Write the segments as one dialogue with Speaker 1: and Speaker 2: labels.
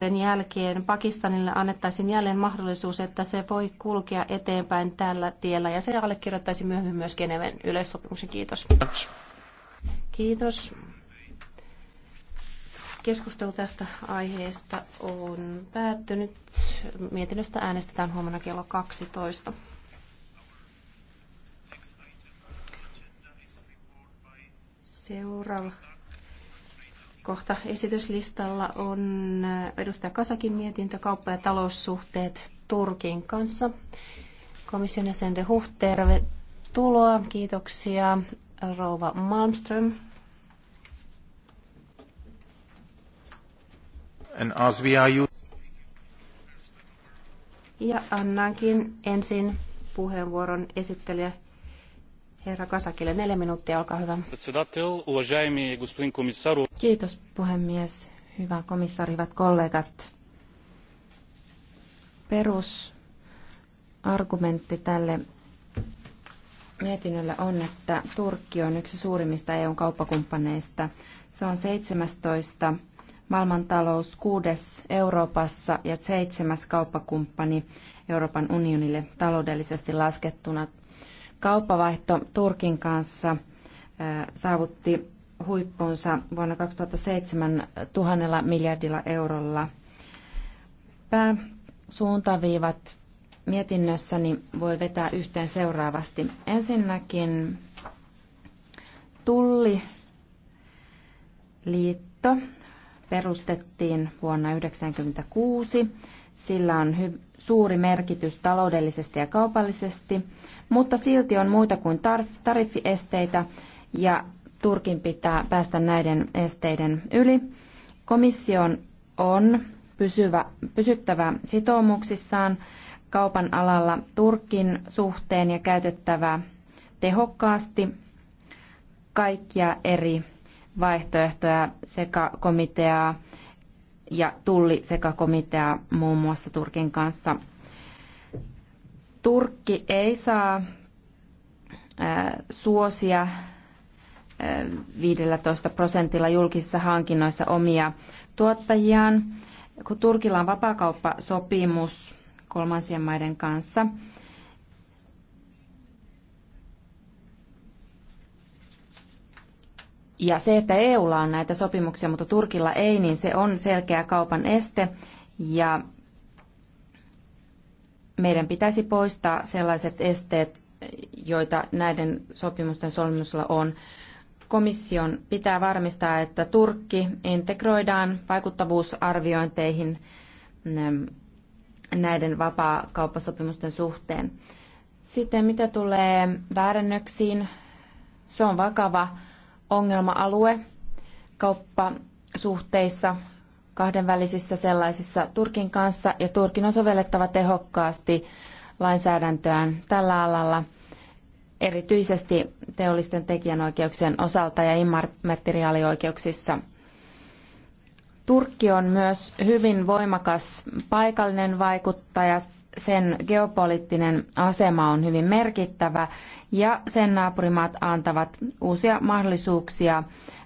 Speaker 1: vuoden jälkeen Pakistanille annettaisiin jälleen mahdollisuus, että se voi kulkea eteenpäin tällä tiellä ja se allekirjoittaisi myöhemmin myös Geneven yleissopimuksen. Kiitos. Kiitos. Keskustelu tästä aiheesta on päättynyt. Mietinnöstä äänestetään huomenna kello 12. Seuraava kohta esityslistalla on äh, edustaja Kasakin mietintö kauppa- ja taloussuhteet Turkin kanssa. Komission jäsen de Huh, tervetuloa. Kiitoksia rouva Malmström. And as we are you... Ja annankin ensin puheenvuoron esittelijä Herra Kasakille neljä minuuttia, hyvä.
Speaker 2: Kiitos puhemies, hyvä komissaari, hyvät kollegat. Perusargumentti tälle mietinnöllä on, että Turkki on yksi suurimmista EUn kauppakumppaneista. Se on 17 maailmantalous, kuudes Euroopassa ja seitsemäs kauppakumppani Euroopan unionille taloudellisesti laskettuna. Kauppavaihto Turkin kanssa äh, saavutti huippunsa vuonna 2007 tuhannella miljardilla eurolla. Pääsuuntaviivat mietinnössäni voi vetää yhteen seuraavasti. Ensinnäkin tulliliitto perustettiin vuonna 1996. Sillä on suuri merkitys taloudellisesti ja kaupallisesti, mutta silti on muita kuin tariffiesteitä ja Turkin pitää päästä näiden esteiden yli. Komission on pysyvä, pysyttävä sitoumuksissaan kaupan alalla Turkin suhteen ja käytettävä tehokkaasti kaikkia eri vaihtoehtoja sekä komiteaa ja tulli sekä komiteaa muun muassa Turkin kanssa. Turkki ei saa suosia 15 prosentilla julkisissa hankinnoissa omia tuottajiaan. Kun Turkilla on vapaakauppasopimus kolmansien maiden kanssa, Ja se, että EUlla on näitä sopimuksia, mutta Turkilla ei, niin se on selkeä kaupan este. Ja meidän pitäisi poistaa sellaiset esteet, joita näiden sopimusten solmimisella on. Komission pitää varmistaa, että Turkki integroidaan vaikuttavuusarviointeihin mm, näiden vapaa-kauppasopimusten suhteen. Sitten mitä tulee väärännöksiin, se on vakava ongelma-alue kauppasuhteissa, kahdenvälisissä sellaisissa Turkin kanssa, ja Turkin on sovellettava tehokkaasti lainsäädäntöään tällä alalla, erityisesti teollisten tekijänoikeuksien osalta ja immateriaalioikeuksissa. Turkki on myös hyvin voimakas paikallinen vaikuttaja sen geopoliittinen asema on hyvin merkittävä ja sen naapurimaat antavat uusia mahdollisuuksia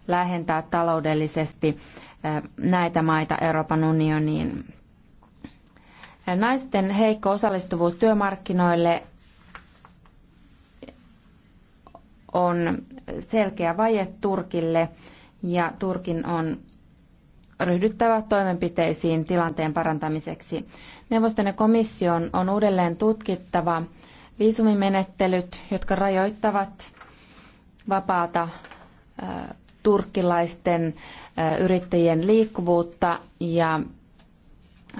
Speaker 2: lähentää taloudellisesti eh, näitä maita Euroopan unioniin. Naisten heikko osallistuvuus työmarkkinoille on selkeä vaje Turkille ja Turkin on ryhdyttävä toimenpiteisiin tilanteen parantamiseksi. Neuvoston ja komission on uudelleen tutkittava viisumimenettelyt, jotka rajoittavat vapaata turkkilaisten yrittäjien liikkuvuutta ja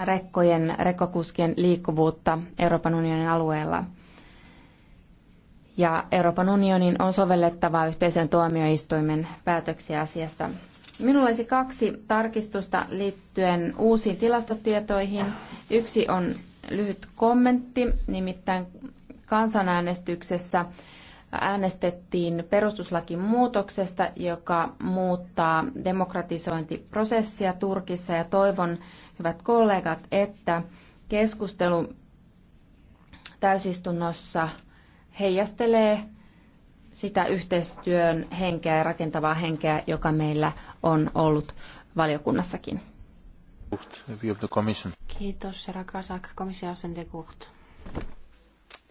Speaker 2: rekkojen, rekkokuskien liikkuvuutta Euroopan unionin alueella. Ja Euroopan unionin on sovellettava yhteisön tuomioistuimen päätöksiä asiasta. Minulla olisi kaksi tarkistusta liittyen uusiin tilastotietoihin. Yksi on lyhyt kommentti, nimittäin kansanäänestyksessä äänestettiin muutoksesta, joka muuttaa demokratisointiprosessia Turkissa ja toivon, hyvät kollegat, että keskustelu täysistunnossa heijastelee sitä yhteistyön henkeä ja rakentavaa henkeä, joka meillä on ollut valiokunnassakin.
Speaker 1: Kiitos, herra Kasak, komissiasen de Gucht.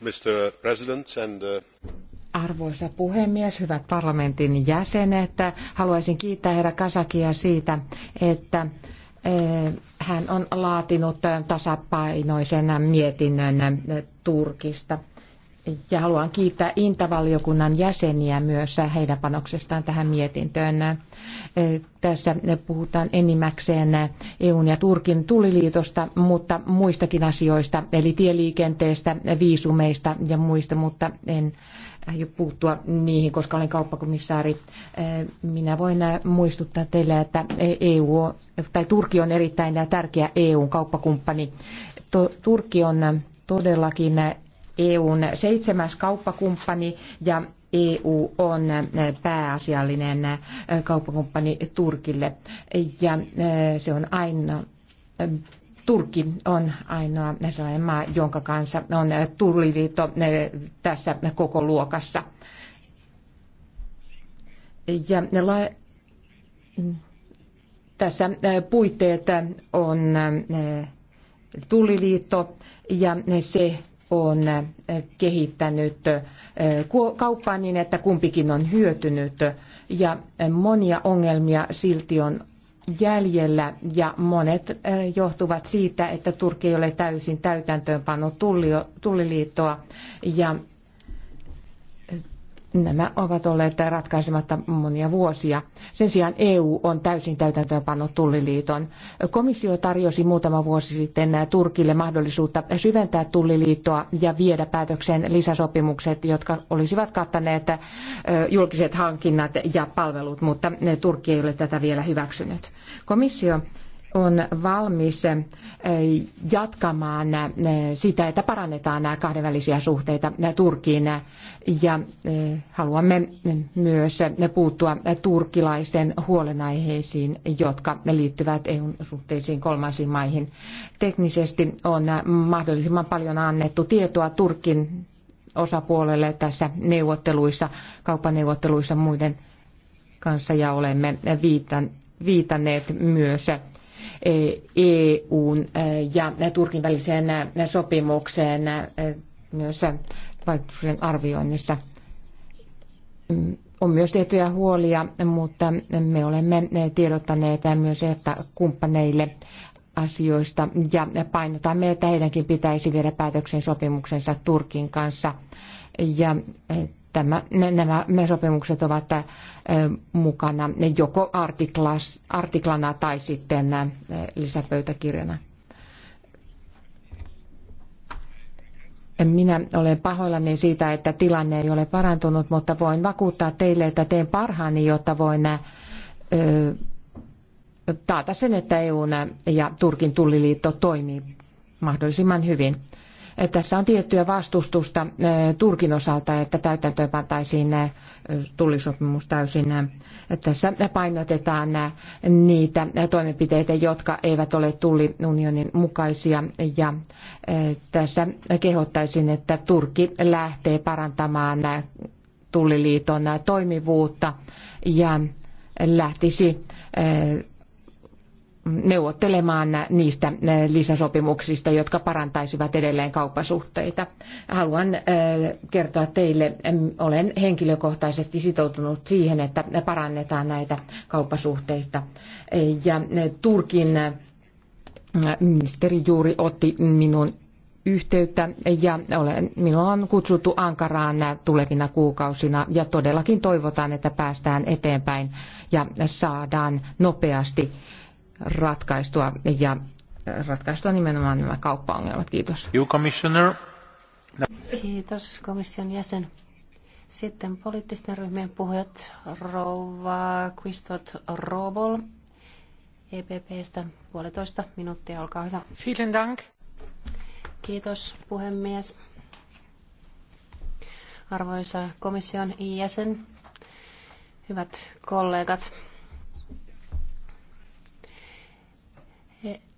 Speaker 3: Mr. President and, uh,
Speaker 4: Arvoisa puhemies, hyvät parlamentin jäsenet, haluaisin kiittää herra Kasakia siitä, että eh, hän on laatinut tasapainoisen mietinnön Turkista. Ja haluan kiittää Intavaliokunnan jäseniä myös heidän panoksestaan tähän mietintöön. Tässä puhutaan enimmäkseen EUn ja Turkin tuliliitosta, mutta muistakin asioista, eli tieliikenteestä, viisumeista ja muista, mutta en aio puuttua niihin, koska olen kauppakomissaari. Minä voin muistuttaa teille, että EU, tai Turkki on erittäin tärkeä EUn kauppakumppani. Turkki on todellakin EUn seitsemäs kauppakumppani ja EU on äh, pääasiallinen äh, kauppakumppani Turkille ja äh, se on ainoa. Turkki on ainoa sellainen maa, jonka kanssa on tulliliitto tässä koko luokassa. Ja la- mm, tässä puitteet on tulliliitto ja se on äh, kehittänyt äh, kauppaa niin, että kumpikin on hyötynyt ja äh, monia ongelmia silti on jäljellä ja monet johtuvat siitä, että Turkki ei ole täysin täytäntöönpannut tulliliittoa ja Nämä ovat olleet ratkaisematta monia vuosia. Sen sijaan EU on täysin täytäntöönpannut tulliliiton. Komissio tarjosi muutama vuosi sitten Turkille mahdollisuutta syventää tulliliittoa ja viedä päätökseen lisäsopimukset, jotka olisivat kattaneet julkiset hankinnat ja palvelut, mutta Turkki ei ole tätä vielä hyväksynyt. Komissio on valmis eh, jatkamaan eh, sitä, että parannetaan nämä kahdenvälisiä suhteita eh, Turkiin ja haluamme myös puuttua turkilaisten huolenaiheisiin, jotka liittyvät EUn suhteisiin kolmansiin maihin. Teknisesti on mahdollisimman paljon annettu tietoa Turkin osapuolelle tässä neuvotteluissa, kauppaneuvotteluissa muiden kanssa ja olemme viitanneet myös EUn eh, e eh, ja Turkin väliseen eh, sopimukseen myös vaikutusten arvioinnissa. Mm, on myös tiettyjä huolia, mutta me olemme tiedottaneet myös että kumppaneille asioista ja painotamme, että heidänkin pitäisi viedä päätöksen sopimuksensa Turkin kanssa ja tämä, ne nämä sopimukset ovat äh, mukana joko artiklas, artiklana tai sitten äh, lisäpöytäkirjana. Minä olen pahoillani siitä, että tilanne ei ole parantunut, mutta voin vakuuttaa teille, että teen parhaani, jotta voin äh, taata sen, että EU ja Turkin tulliliitto toimii mahdollisimman hyvin. Tässä on tiettyä vastustusta eh, Turkin osalta, että täytäntöön pantaisiin eh, tullisopimus täysin. Tässä painotetaan eh, niitä toimenpiteitä, jotka eivät ole tulliunionin mukaisia. Ja tässä kehottaisin, että Turkki lähtee parantamaan tulliliiton toimivuutta ja lähtisi neuvottelemaan niistä lisäsopimuksista, jotka parantaisivat edelleen kauppasuhteita. Haluan kertoa teille, olen henkilökohtaisesti sitoutunut siihen, että parannetaan näitä kauppasuhteita. Ja Turkin ministeri juuri otti minun yhteyttä ja olen, minua on kutsuttu Ankaraan tulevina kuukausina ja todellakin toivotaan, että päästään eteenpäin ja saadaan nopeasti ratkaistua ja ratkaistua nimenomaan nämä kauppaongelmat. Kiitos. You, commissioner.
Speaker 1: Kiitos komission jäsen. Sitten poliittisten ryhmien puhujat Rouva Quistot Robol EPPstä puolitoista minuuttia, olkaa hyvä. Vielen dank. Kiitos puhemies. Arvoisa komission jäsen, hyvät kollegat.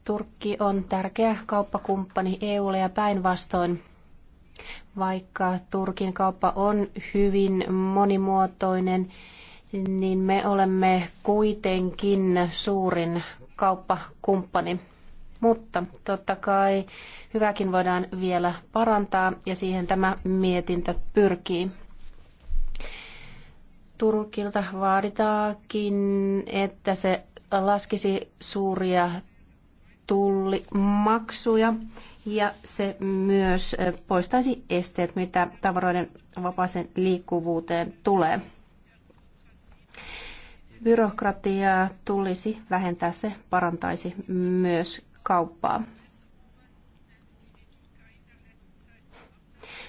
Speaker 1: Turkki on tärkeä kauppakumppani EUlle ja päinvastoin. Vaikka Turkin kauppa on hyvin monimuotoinen, niin me olemme kuitenkin suurin kauppakumppani. Mutta totta kai hyväkin voidaan vielä parantaa ja siihen tämä mietintö pyrkii. Turkilta vaaditaakin, että se laskisi suuria tullimaksuja ja se myös poistaisi esteet, mitä tavaroiden vapaaseen liikkuvuuteen tulee. Byrokratiaa tulisi vähentää, se parantaisi myös kauppaa.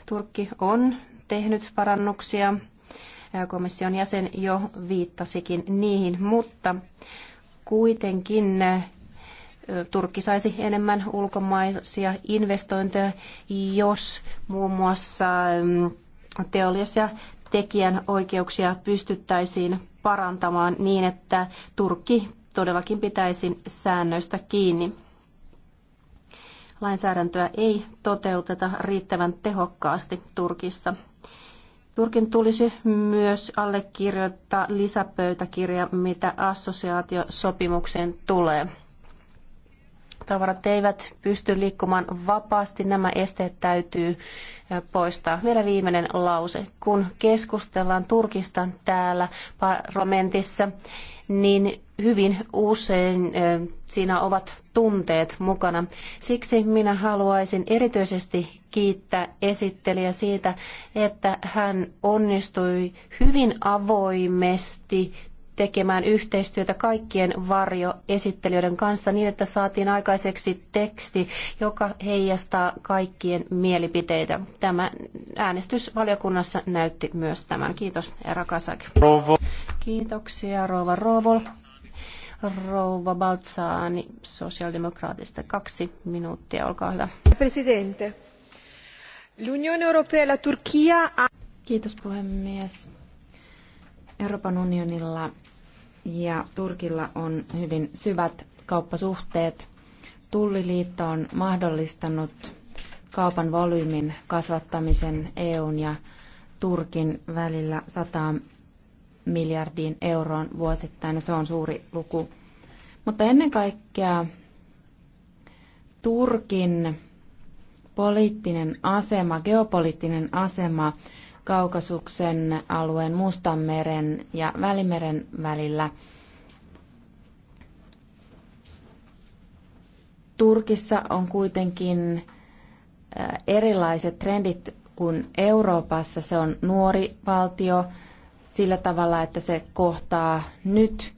Speaker 1: Turkki on tehnyt parannuksia. Komission jäsen jo viittasikin niihin, mutta kuitenkin Turkki saisi enemmän ulkomaisia investointeja, jos muun muassa mm, teollis- ja tekijän oikeuksia pystyttäisiin parantamaan niin, että Turkki todellakin pitäisi säännöistä kiinni. Lainsäädäntöä ei toteuteta riittävän tehokkaasti Turkissa. Turkin tulisi myös allekirjoittaa lisäpöytäkirja, mitä assosiaatiosopimukseen tulee tavarat eivät pysty liikkumaan vapaasti, nämä esteet täytyy poistaa. Vielä viimeinen lause. Kun keskustellaan Turkista täällä parlamentissa, niin hyvin usein siinä ovat tunteet mukana. Siksi minä haluaisin erityisesti kiittää esittelijä siitä, että hän onnistui hyvin avoimesti tekemään yhteistyötä kaikkien varjoesittelijöiden kanssa niin, että saatiin aikaiseksi teksti, joka heijastaa kaikkien mielipiteitä. Tämä äänestys valiokunnassa näytti myös tämän. Kiitos, Era Kasak. Kiitoksia, Rova Rovol. Rouva Baltsaani, sosiaalidemokraatista kaksi minuuttia, olkaa hyvä.
Speaker 4: Presidente, l'Unione
Speaker 1: Europea e la Turchia...
Speaker 2: Kiitos puhemies. Euroopan unionilla ja Turkilla on hyvin syvät kauppasuhteet. Tulliliitto on mahdollistanut kaupan volyymin kasvattamisen EUn ja Turkin välillä 100 miljardiin euroon vuosittain, se on suuri luku. Mutta ennen kaikkea Turkin poliittinen asema, geopoliittinen asema Kaukasuksen alueen, Mustanmeren ja Välimeren välillä. Turkissa on kuitenkin äh, erilaiset trendit kuin Euroopassa. Se on nuori valtio sillä tavalla, että se kohtaa nyt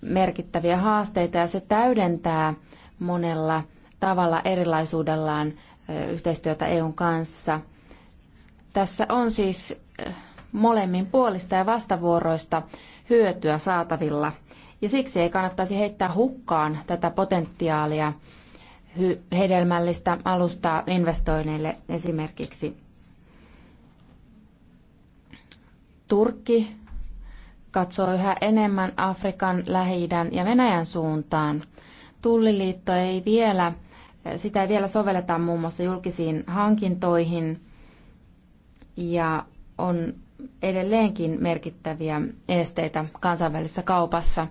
Speaker 2: merkittäviä haasteita ja se täydentää monella tavalla erilaisuudellaan äh, yhteistyötä EUn kanssa – tässä on siis äh, molemmin puolista ja vastavuoroista hyötyä saatavilla. Ja siksi ei kannattaisi heittää hukkaan tätä potentiaalia hedelmällistä alustaa investoinneille esimerkiksi. Turkki katsoo yhä enemmän Afrikan, lähi ja Venäjän suuntaan. Tulliliitto ei vielä, äh, sitä ei vielä sovelleta muun muassa julkisiin hankintoihin – ja on edelleenkin merkittäviä esteitä kansainvälisessä kaupassa.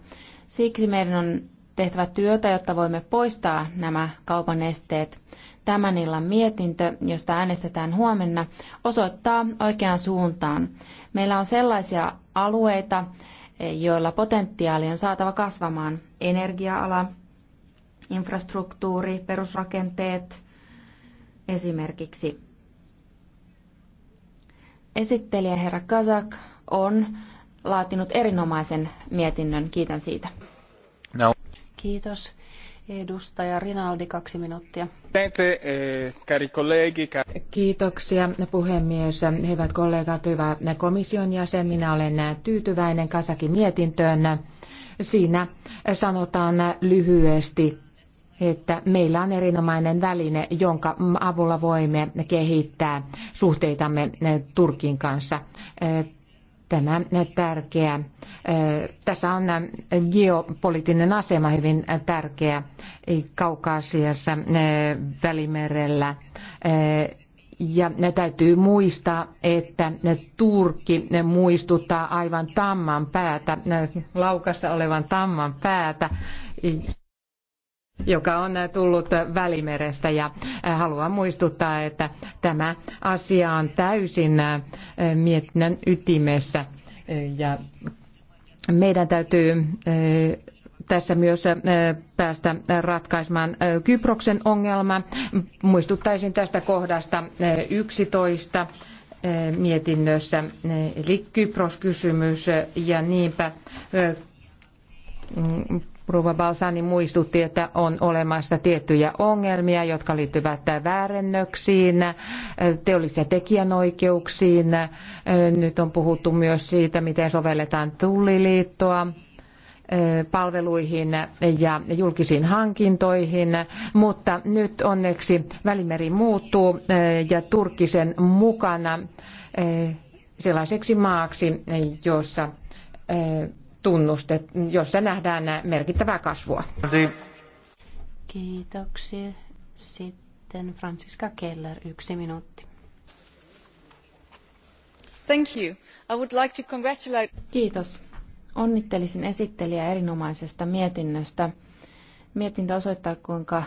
Speaker 2: Siksi meidän on tehtävä työtä, jotta voimme poistaa nämä kaupan esteet. Tämän illan mietintö, josta äänestetään huomenna, osoittaa oikeaan suuntaan. Meillä on sellaisia alueita, joilla potentiaali on saatava kasvamaan. Energia-ala, infrastruktuuri, perusrakenteet esimerkiksi. Esittelijä herra Kazak on laatinut erinomaisen mietinnön.
Speaker 1: Kiitän siitä. No. Kiitos. Edustaja Rinaldi, kaksi minuuttia. Eh,
Speaker 4: Kiitoksia puhemies. Hyvät kollegat, hyvä komission jäsen. Minä olen tyytyväinen Kasakin mietintöön. Siinä sanotaan lyhyesti että meillä on erinomainen väline, jonka avulla voimme kehittää suhteitamme eh, Turkin kanssa. Eh, tämä eh, tärkeä. Tässä on geopoliittinen asema hyvin tärkeä Kaukaasiassa, Välimerellä. Ja täytyy muistaa, että Turkki muistuttaa aivan tamman päätä, laukassa olevan tamman päätä joka on tullut Välimerestä ja haluan muistuttaa, että tämä asia on täysin mietinnön ytimessä ja meidän täytyy tässä myös päästä ratkaisemaan Kyproksen ongelma. Muistuttaisin tästä kohdasta 11 mietinnössä, eli Kypros-kysymys ja niinpä Ruva Balsani muistutti, että on olemassa tiettyjä ongelmia, jotka liittyvät väärennöksiin, teollisia tekijänoikeuksiin. Nyt on puhuttu myös siitä, miten sovelletaan tulliliittoa palveluihin ja julkisiin hankintoihin, mutta nyt onneksi Välimeri muuttuu eh, ja Turkisen mukana eh, sellaiseksi maaksi, jossa eh, tunnustet, jossa nähdään merkittävää kasvua.
Speaker 1: Kiitoksia. Sitten Franziska Keller, yksi minuutti.
Speaker 2: Thank you. I would like to congratulate...
Speaker 1: Kiitos. Onnittelisin
Speaker 2: esittelijä erinomaisesta mietinnöstä. Mietintö osoittaa, kuinka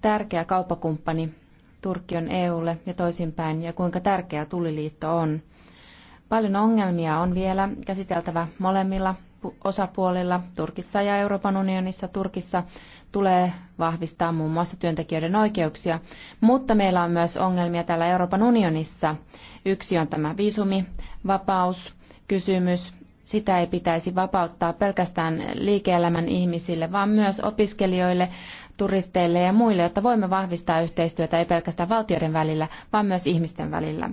Speaker 2: tärkeä kauppakumppani Turkki on EUlle ja toisinpäin, ja kuinka tärkeä tuliliitto on – Paljon ongelmia on vielä käsiteltävä molemmilla osapuolilla Turkissa ja Euroopan unionissa. Turkissa tulee vahvistaa muun muassa työntekijöiden oikeuksia, mutta meillä on myös ongelmia täällä Euroopan unionissa. Yksi on tämä viisumivapauskysymys. Sitä ei pitäisi vapauttaa pelkästään liike-elämän ihmisille, vaan myös opiskelijoille, turisteille ja muille, jotta voimme vahvistaa yhteistyötä ei pelkästään valtioiden välillä, vaan myös ihmisten välillä.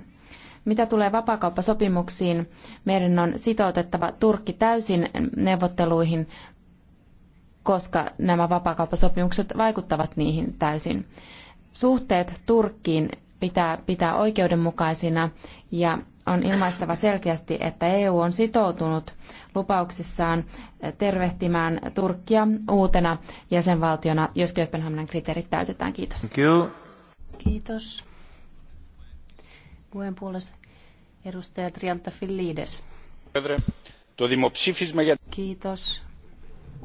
Speaker 2: Mitä tulee vapaakauppasopimuksiin, meidän on sitoutettava Turkki täysin neuvotteluihin, koska nämä vapaakauppasopimukset vaikuttavat niihin täysin. Suhteet Turkkiin pitää pitää oikeudenmukaisina ja on ilmaistava selkeästi, että EU on sitoutunut lupauksissaan tervehtimään Turkkia uutena jäsenvaltiona, jos Kööpenhaminan
Speaker 1: kriteerit täytetään. Kiitos. Kiitos. Kuen puolesta edustaja Trianta Fillides. Kiitos,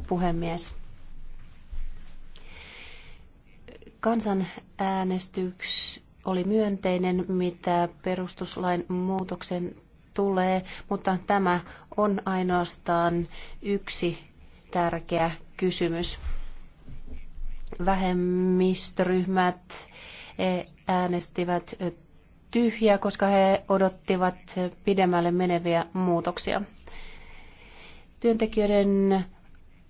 Speaker 1: puhemies. Kansanäänestyks oli myönteinen, mitä perustuslain muutoksen tulee, mutta tämä on ainoastaan yksi tärkeä kysymys. Vähemmistöryhmät eh, äänestivät tyhjiä, koska he odottivat pidemmälle meneviä muutoksia. Työntekijöiden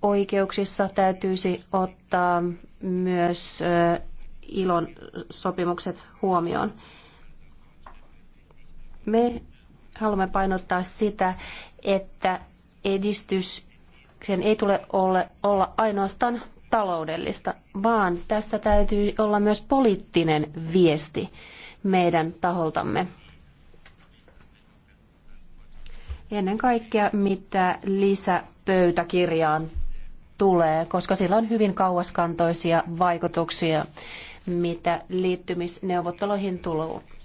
Speaker 1: oikeuksissa täytyisi ottaa myös ilon sopimukset huomioon. Me haluamme painottaa sitä, että edistys sen ei tule ole, olla ainoastaan taloudellista, vaan tässä täytyy olla myös poliittinen viesti meidän taholtamme. Ennen kaikkea, mitä lisäpöytäkirjaan tulee, koska sillä on hyvin kauaskantoisia vaikutuksia, mitä liittymisneuvotteluihin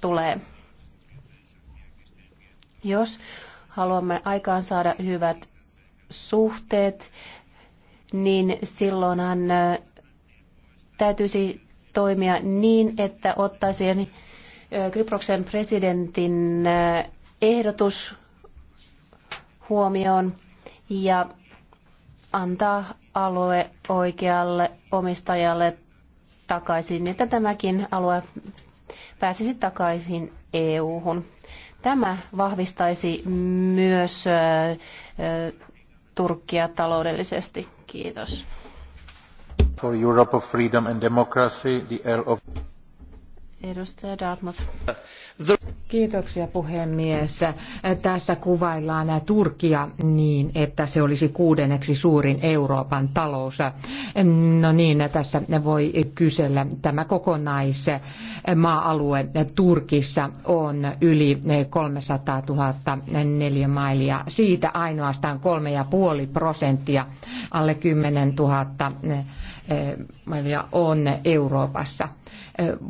Speaker 1: tulee. Jos haluamme aikaan saada hyvät suhteet, niin silloinhan täytyisi toimia niin, että ottaisiin Kyproksen presidentin eh, ehdotus huomioon ja antaa alue oikealle omistajalle takaisin, että tämäkin alue pääsisi takaisin EU-hun. Tämä vahvistaisi myös eh, Turkkia taloudellisesti. Kiitos.
Speaker 4: For Europe of Freedom and Democracy, the of... Edustaja Dartmouth. Kiitoksia puhemies. Tässä kuvaillaan Turkia niin, että se olisi kuudenneksi suurin Euroopan talous. No niin, tässä voi kysellä. Tämä kokonaismaa-alue Turkissa on yli 300 000 neliömailia. Siitä ainoastaan 3,5 prosenttia alle 10 000 mailia on Euroopassa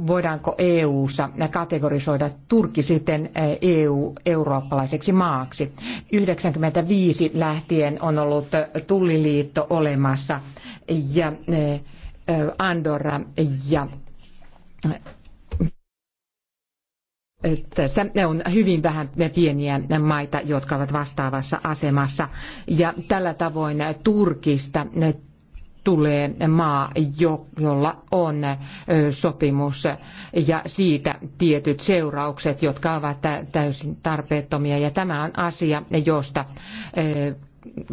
Speaker 4: voidaanko EU-ssa kategorisoida Turkki sitten EU-eurooppalaiseksi maaksi. 95 lähtien on ollut tulliliitto olemassa ja Andorra ja tässä on hyvin vähän pieniä maita, jotka ovat vastaavassa asemassa. Ja tällä tavoin Turkista tulee maa, jolla on sopimus ja siitä tietyt seuraukset, jotka ovat täysin tarpeettomia. Ja tämä on asia, josta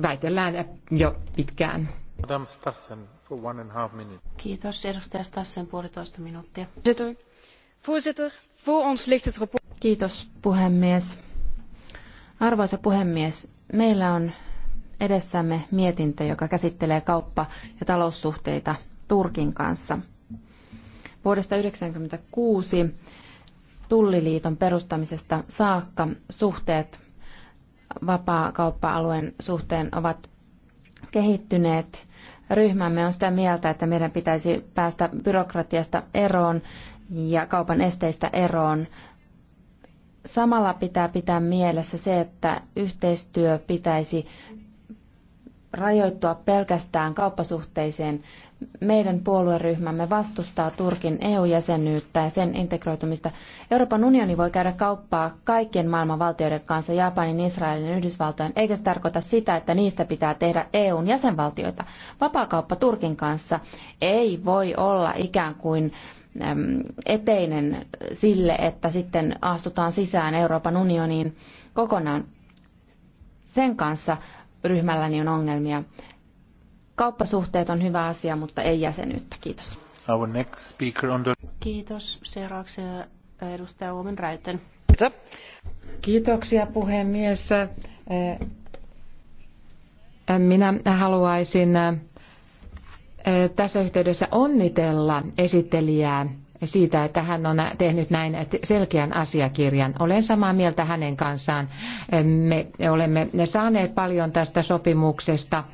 Speaker 4: väitellään jo pitkään. Madame Stassen, for one and a half minute.
Speaker 1: Kiitos. Edustaja Stassen, puolitoista minuuttia.
Speaker 2: Kiitos, puhemies. Arvoisa puhemies, meillä on edessämme mietintö, joka käsittelee kauppa- ja taloussuhteita Turkin kanssa. Vuodesta 1996 Tulliliiton perustamisesta saakka suhteet vapaa-kauppa-alueen suhteen ovat kehittyneet. Ryhmämme on sitä mieltä, että meidän pitäisi päästä byrokratiasta eroon ja kaupan esteistä eroon. Samalla pitää pitää mielessä se, että yhteistyö pitäisi rajoittua pelkästään kauppasuhteisiin. Meidän puolueryhmämme vastustaa Turkin EU-jäsenyyttä ja sen integroitumista. Euroopan unioni voi käydä kauppaa kaikkien maailman valtioiden kanssa, Japanin, Israelin ja Yhdysvaltojen, eikä se tarkoita sitä, että niistä pitää tehdä EUn jäsenvaltioita. Vapaakauppa Turkin kanssa ei voi olla ikään kuin eteinen sille, että sitten astutaan sisään Euroopan unioniin kokonaan sen kanssa ryhmälläni on ongelmia. Kauppasuhteet on hyvä asia, mutta ei jäsenyyttä. Kiitos.
Speaker 4: Our next speaker on the...
Speaker 1: Kiitos. Seuraavaksi äh, edustaja Uomen Räyten.
Speaker 4: Kiitoksia puhemies. Äh, äh, minä haluaisin tässä yhteydessä onnitella esittelijää siitä, että hän on tehnyt näin selkeän asiakirjan. Olen samaa mieltä hänen kanssaan. Me olemme saaneet paljon tästä sopimuksesta.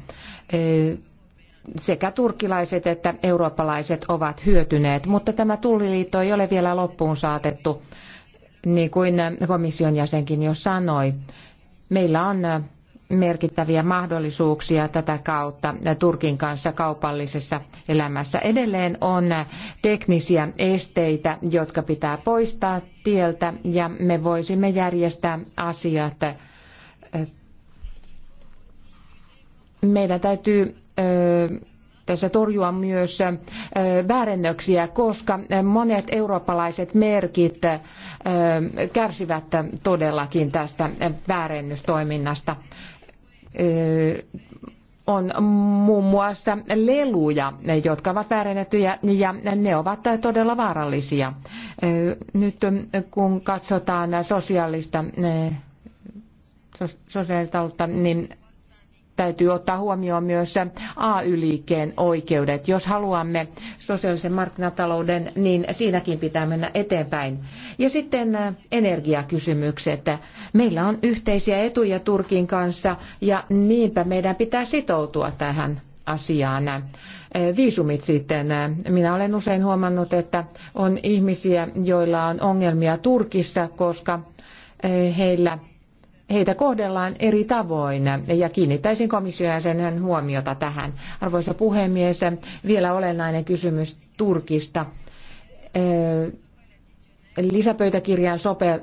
Speaker 4: Sekä turkkilaiset että eurooppalaiset ovat hyötyneet, mutta tämä tulliliitto ei ole vielä loppuun saatettu, niin kuin komission jäsenkin jo sanoi. Meillä on merkittäviä mahdollisuuksia tätä kautta Turkin kanssa kaupallisessa elämässä. Edelleen on teknisiä esteitä, jotka pitää poistaa tieltä ja me voisimme järjestää asiat. Meidän täytyy tässä torjua myös väärennöksiä, koska monet eurooppalaiset merkit kärsivät todellakin tästä väärennystoiminnasta on muun muassa leluja, jotka ovat väärennettyjä ja ne ovat todella vaarallisia. Nyt kun katsotaan sosiaalista sosiaalitaulutta, niin täytyy ottaa huomioon myös AY-liikkeen oikeudet. Jos haluamme sosiaalisen markkinatalouden, niin siinäkin pitää mennä eteenpäin. Ja sitten äh, energiakysymykset. Meillä on yhteisiä etuja Turkin kanssa ja niinpä meidän pitää sitoutua tähän asiaan. Äh, viisumit sitten. Äh, minä olen usein huomannut, että on ihmisiä, joilla on ongelmia Turkissa, koska heillä heitä kohdellaan eri tavoin ja kiinnittäisin komission sen huomiota tähän. Arvoisa puhemies, vielä olennainen kysymys Turkista. Lisäpöytäkirjan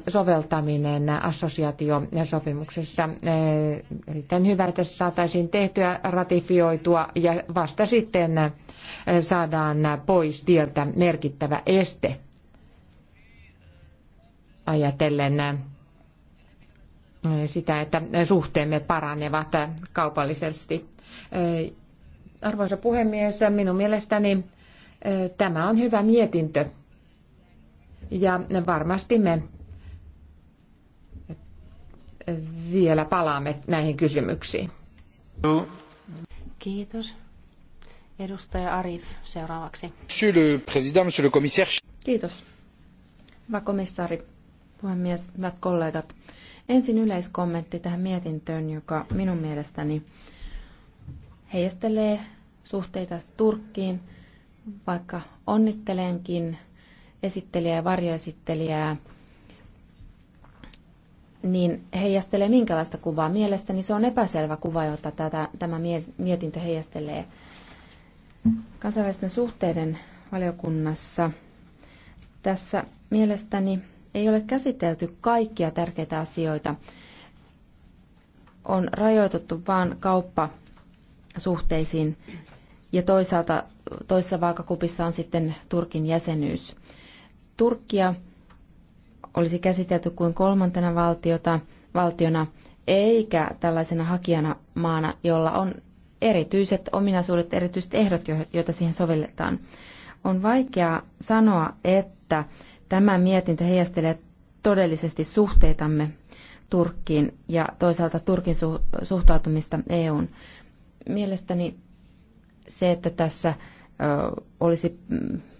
Speaker 4: soveltaminen assosiaatiosopimuksessa. Erittäin hyvä, että se saataisiin tehtyä, ratifioitua ja vasta sitten saadaan pois tieltä merkittävä este ajatellen sitä, että suhteemme paranevat kaupallisesti. Arvoisa puhemies, minun mielestäni eh, tämä on hyvä mietintö ja varmasti me vielä palaamme näihin kysymyksiin.
Speaker 1: Kiitos. Edustaja Arif seuraavaksi.
Speaker 4: Monsieur le
Speaker 2: président, monsieur le commissaire. Kiitos. Hyvä komissaari, puhemies, hyvät kollegat. Ensin yleiskommentti tähän mietintöön, joka minun mielestäni heijastelee suhteita Turkkiin, vaikka onnittelenkin esittelijää ja varjoesittelijää, niin heijastelee minkälaista kuvaa. Mielestäni se on epäselvä kuva, jota tätä, tämä mietintö heijastelee. Kansainvälisten suhteiden valiokunnassa tässä mielestäni ei ole käsitelty kaikkia tärkeitä asioita. On rajoitettu vain kauppasuhteisiin ja toisaalta toisessa vaakakupissa on sitten Turkin jäsenyys. Turkkia olisi käsitelty kuin kolmantena valtiota, valtiona eikä tällaisena hakijana maana, jolla on erityiset ominaisuudet, erityiset ehdot, joita siihen sovelletaan. On vaikea sanoa, että Tämä mietintö heijastelee todellisesti suhteitamme Turkkiin ja toisaalta Turkin suhtautumista EUn. Mielestäni se, että tässä olisi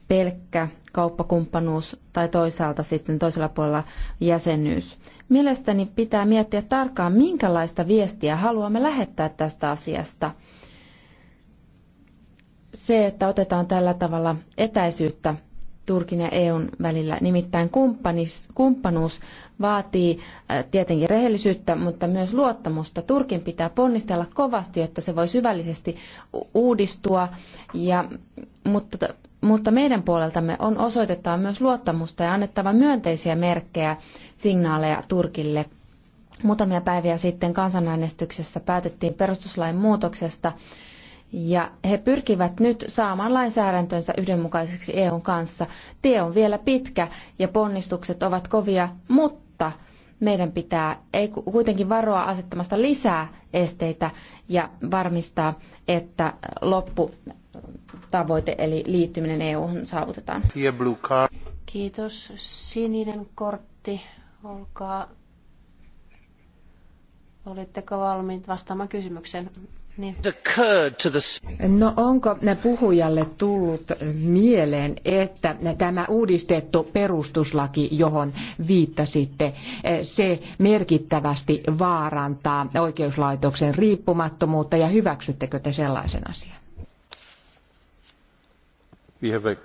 Speaker 2: pelkkä kauppakumppanuus tai toisaalta sitten toisella puolella jäsenyys. Mielestäni pitää miettiä tarkkaan, minkälaista viestiä haluamme lähettää tästä asiasta. Se, että otetaan tällä tavalla etäisyyttä Turkin ja EUn välillä. Nimittäin kumppanis, kumppanuus vaatii tietenkin rehellisyyttä, mutta myös luottamusta. Turkin pitää ponnistella kovasti, jotta se voi syvällisesti uudistua, ja, mutta, mutta meidän puoleltamme on osoitettava myös luottamusta ja annettava myönteisiä merkkejä, signaaleja Turkille. Muutamia päiviä sitten kansanäänestyksessä päätettiin perustuslain muutoksesta, ja he pyrkivät nyt saamaan lainsäädäntönsä yhdenmukaiseksi EUn kanssa. Tie on vielä pitkä ja ponnistukset ovat kovia, mutta meidän pitää ei kuitenkin varoa asettamasta lisää esteitä ja varmistaa, että lopputavoite eli liittyminen EU-hun
Speaker 1: saavutetaan. Kiitos. Sininen kortti. Olkaa. Oletteko valmiit vastaamaan kysymykseen? Niin.
Speaker 4: No onko puhujalle tullut mieleen, että tämä uudistettu perustuslaki, johon viittasitte, se merkittävästi vaarantaa oikeuslaitoksen riippumattomuutta ja hyväksyttekö te sellaisen asian? We have a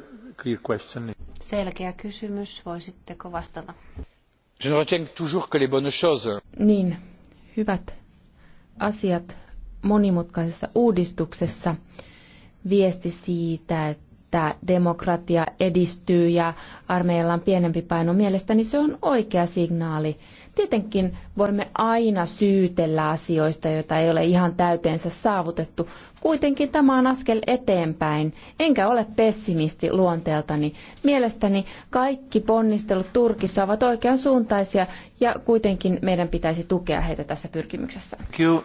Speaker 4: clear question.
Speaker 1: Selkeä kysymys, voisitteko vastata?
Speaker 4: Je retiens toujours que les bonnes choses.
Speaker 1: Niin, hyvät asiat
Speaker 2: monimutkaisessa uudistuksessa viesti siitä, että demokratia edistyy ja armeijalla on pienempi paino mielestäni, niin se on oikea signaali. Tietenkin voimme aina syytellä asioista, joita ei ole ihan täyteensä saavutettu. Kuitenkin tämä on askel eteenpäin. Enkä ole pessimisti luonteeltani. Mielestäni kaikki ponnistelut Turkissa ovat oikeansuuntaisia suuntaisia ja kuitenkin meidän pitäisi tukea heitä tässä pyrkimyksessä. Kiitos.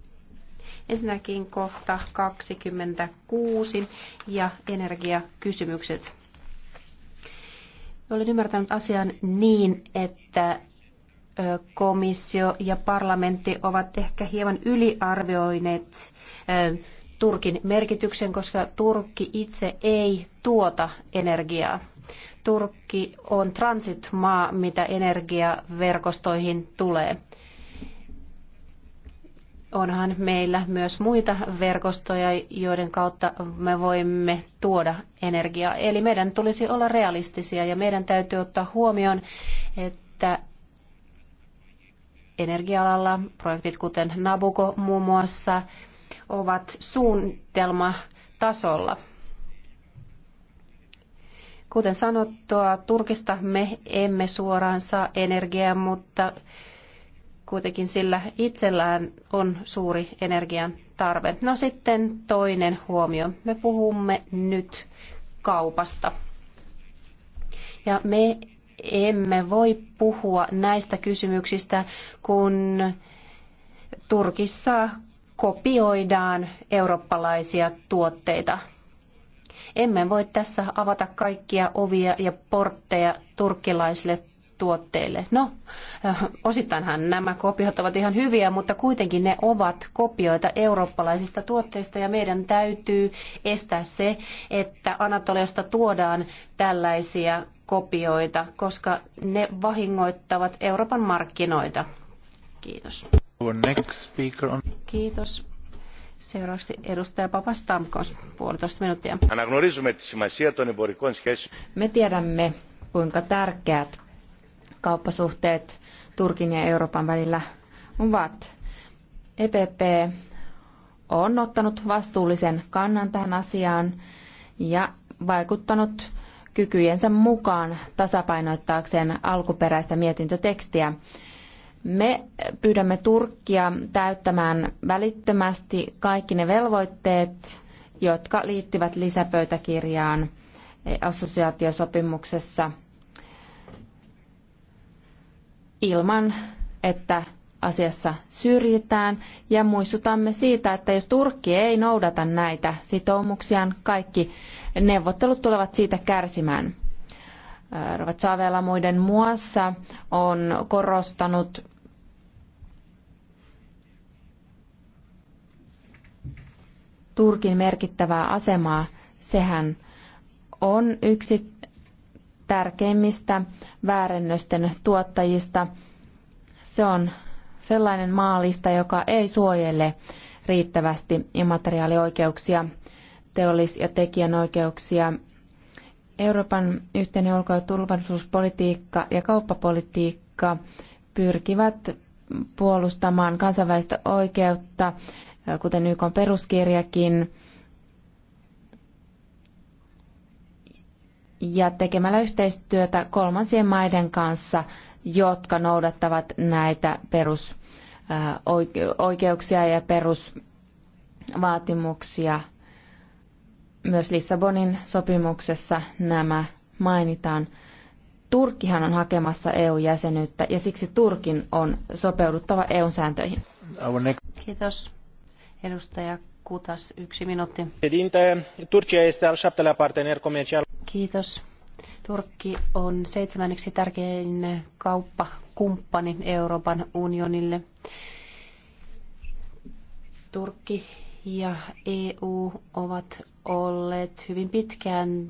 Speaker 1: Ensinnäkin kohta 26 ja energiakysymykset. Olen ymmärtänyt asian niin, että komissio ja parlamentti ovat ehkä hieman yliarvioineet Turkin merkityksen, koska Turkki itse ei tuota energiaa. Turkki on transitmaa, mitä energiaverkostoihin tulee onhan meillä myös muita verkostoja, joiden kautta me voimme tuoda energiaa. Eli meidän tulisi olla realistisia ja meidän täytyy ottaa huomioon, että energialalla projektit kuten Nabuko muun muassa ovat suunnitelmatasolla. Kuten sanottua, Turkista me emme suoraan saa energiaa, mutta kuitenkin sillä itsellään on suuri energian tarve. No sitten toinen huomio. Me puhumme nyt kaupasta. Ja me emme voi puhua näistä kysymyksistä, kun Turkissa kopioidaan eurooppalaisia tuotteita. Emme voi tässä avata kaikkia ovia ja portteja turkkilaisille tuotteille. No, äh, osittainhan nämä kopiot ovat ihan hyviä, mutta kuitenkin ne ovat kopioita eurooppalaisista tuotteista ja meidän täytyy estää se, että Anatoliasta tuodaan tällaisia kopioita, koska ne vahingoittavat Euroopan markkinoita. Kiitos. Kiitos. Seuraavaksi edustaja Papastamkos, puolitoista minuuttia. Me tiedämme, kuinka tärkeät
Speaker 2: kauppasuhteet Turkin ja Euroopan välillä ovat. EPP on ottanut vastuullisen kannan tähän asiaan ja vaikuttanut kykyjensä mukaan tasapainoittaakseen alkuperäistä mietintötekstiä. Me pyydämme Turkkia täyttämään välittömästi kaikki ne velvoitteet, jotka liittyvät lisäpöytäkirjaan assosiaatiosopimuksessa – ilman, että asiassa syrjitään ja muistutamme siitä, että jos Turkki ei noudata näitä sitoumuksiaan, kaikki neuvottelut tulevat siitä kärsimään. Rova muiden muassa on korostanut Turkin merkittävää asemaa. Sehän on yksi tärkeimmistä väärennösten tuottajista. Se on sellainen maalista, joka ei suojele riittävästi immateriaalioikeuksia, teollis- ja tekijänoikeuksia. Euroopan yhteinen ulko- ja turvallisuuspolitiikka ja kauppapolitiikka pyrkivät puolustamaan kansainvälistä oikeutta, kuten YK peruskirjakin, ja tekemällä yhteistyötä kolmansien maiden kanssa, jotka noudattavat näitä perusoikeuksia ja perusvaatimuksia. Myös Lissabonin sopimuksessa nämä mainitaan. Turkkihan on hakemassa EU-jäsenyyttä ja siksi Turkin on sopeuduttava EU sääntöihin.
Speaker 1: Kiitos. Edustaja Kutas, yksi minuutti. Turkia este al șaptelea partener comercial. Kiitos. Turkki on seitsemänneksi tärkein kauppakumppani Euroopan unionille. Turkki ja EU ovat olleet hyvin pitkään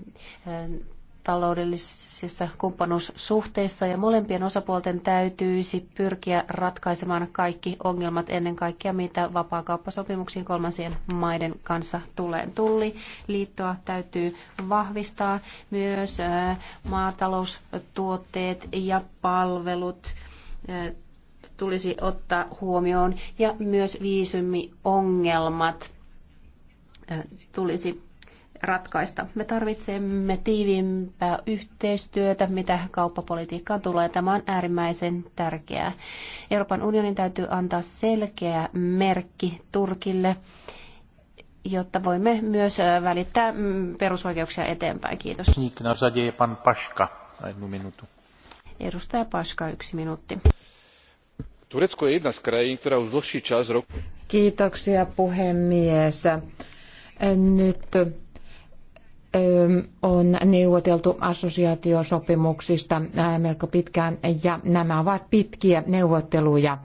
Speaker 1: taloudellisissa kumppanuussuhteissa ja molempien osapuolten täytyisi pyrkiä ratkaisemaan kaikki ongelmat ennen kaikkea, mitä vapaakauppasopimuksiin kolmansien maiden kanssa tulee. tulli liittoa täytyy vahvistaa myös maataloustuotteet ja palvelut tulisi ottaa huomioon ja myös viisumiongelmat tulisi ratkaista. Me tarvitsemme tiiviimpää yhteistyötä, mitä kauppapolitiikkaan tulee. Tämä on äärimmäisen tärkeää. Euroopan unionin täytyy antaa selkeä merkki Turkille, jotta voimme myös välittää mm, perusoikeuksia eteenpäin. Kiitos.
Speaker 4: Edustaja Paska, yksi minuutti.
Speaker 1: Turecko je jedna z krajín, ktorá čas
Speaker 4: roku... Kiitoksia puhemies. Nyt on neuvoteltu assosiaatiosopimuksista melko pitkään ja nämä ovat pitkiä neuvotteluja.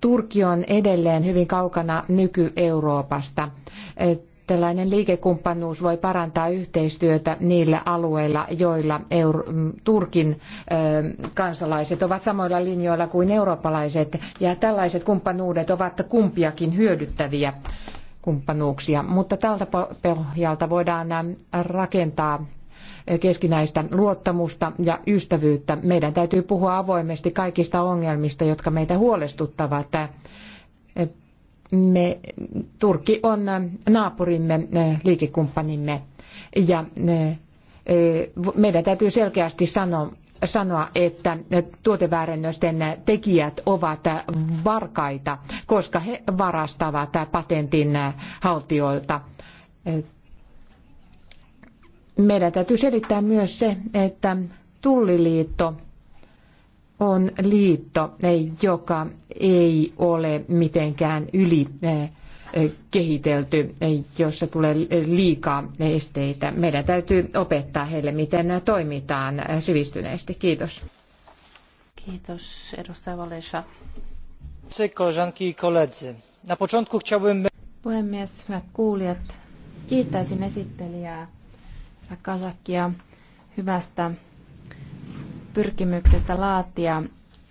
Speaker 4: Turkki on edelleen hyvin kaukana nyky-Euroopasta. Tällainen liikekumppanuus voi parantaa yhteistyötä niillä alueilla, joilla Euro Turkin kansalaiset ovat samoilla linjoilla kuin eurooppalaiset, ja tällaiset kumppanuudet ovat kumpiakin hyödyttäviä kumppanuuksia, mutta tältä pohjalta voidaan rakentaa keskinäistä luottamusta ja ystävyyttä. Meidän täytyy puhua avoimesti kaikista ongelmista, jotka meitä huolestuttavat. Me, Turkki on naapurimme, liikekumppanimme ja meidän täytyy selkeästi sanoa, sanoa, että tuoteväärennösten tekijät ovat varkaita, koska he varastavat patentin haltijoilta. Meidän täytyy selittää myös se, että Tulliliitto on liitto, joka ei ole mitenkään yli kehitelty, jossa tulee liikaa esteitä. Meidän täytyy opettaa heille, miten toimitaan sivistyneesti. Kiitos.
Speaker 1: Kiitos, edustaja Valesha.
Speaker 4: Koleżanki i koledzy. Na początku chciałbym...
Speaker 2: Puhemies, hyvät kuulijat, kiittäisin esittelijää Kasakia hyvästä pyrkimyksestä laatia